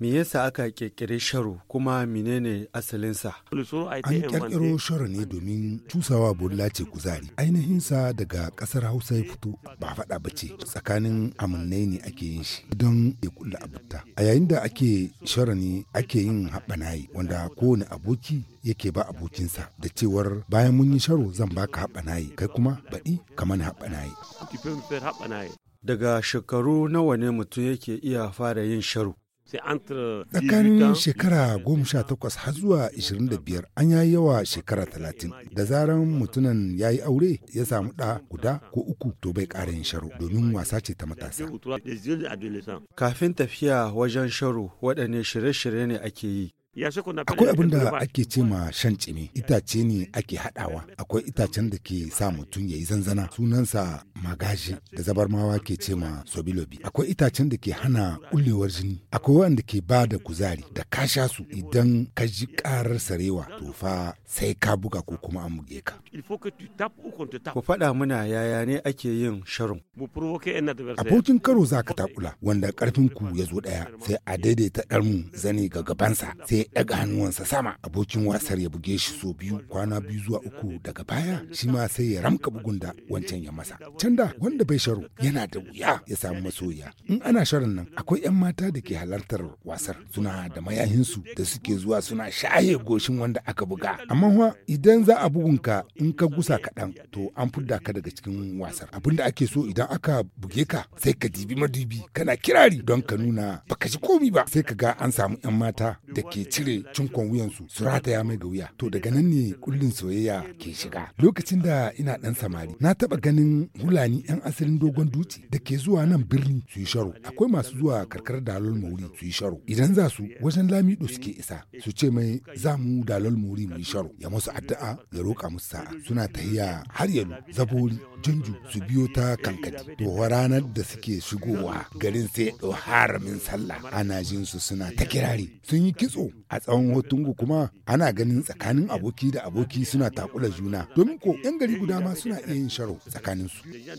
Me yasa aka ƙirƙiri sharu kuma menene asalinsa? An ƙirƙiro sharo ne domin cusawa bulla ce kuzari. Ainihinsa daga ƙasar Hausa ya fito ba faɗa ba ce tsakanin amannai ne ake yin shi don ya kulla abuta. A yayin da ake sharu ne ake yin haɓanaye wanda kowane aboki yake ba abokinsa da cewar bayan mun yi sharo zan baka haɓanaye kai kuma baɗi kamar haɓanaye. Daga shekaru nawa ne mutum yake iya fara yin sharo? sai tsakanin shekara goma sha takwas har zuwa ishirin biyar an yayi yawa shekara talatin da zaran mutunan ya yi aure ya samu ɗa guda ko uku to bai ƙara yin sharo domin wasa ce ta matasa kafin tafiya wajen sharo waɗanne shirye-shirye ne ake yi Akwai abin da ake ce ma shan tsimi, itace ne ake hadawa. Akwai itacen da ke sa mutum ya yi zanzana sunansa magaji da zabarmawa ke ce ma sobilobi. Akwai itacen da ke hana kullewar jini. Akwai wanda ke ba da kuzari da ka su idan ka ji ƙarar sarewa to fa sai ka buga ko kuma an buge ka. Ku faɗa muna yaya ne ake yin sharon. Abokin karo za ka takula wanda karfin ku ya zo ɗaya sai a daidaita ɗarmu zane ga gabansa sai ɗaga hannuwansa sama abokin wasar ya buge shi so biyu kwana biyu zuwa uku daga baya shi ma sai ya ramka bugun da wancan ya masa can da wanda bai sharo yana da wuya ya samu masoya in ana sharan nan akwai 'yan mata da ke halartar wasar suna da mayahinsu da suke zuwa suna shaye goshin wanda aka buga amma fa idan za a bugun ka in ka gusa kaɗan to an fudda ka daga cikin wasar abin da ake so idan aka buge ka sai ka dibi madubi kana kirari don ka nuna baka ji komi ba sai ka ga an samu 'yan mata da ke cire cinkon wuyansu su rataya mai ga wuya to daga nan ne kullin soyayya ke shiga lokacin da ina dan samari na taba ganin hulani yan asalin dogon dutse da ke zuwa nan birni su yi sharo akwai masu zuwa karkar dalol mauri su yi sharo idan za su wajen lamido suke isa su ce mai za mu dalol mauri mu yi sharo ya musu addu'a ya roka musu sa'a suna tahiya har yalu zabori jinju su biyo ta kankadi to ranar da suke shigowa garin sai haramin sallah ana jin su suna ta kirari sun yi kitso a tsawon hotungu kuma ana ganin tsakanin aboki da aboki suna takula juna domin ko 'yan gari guda ma suna iya yin sharo tsakanin tsakaninsu.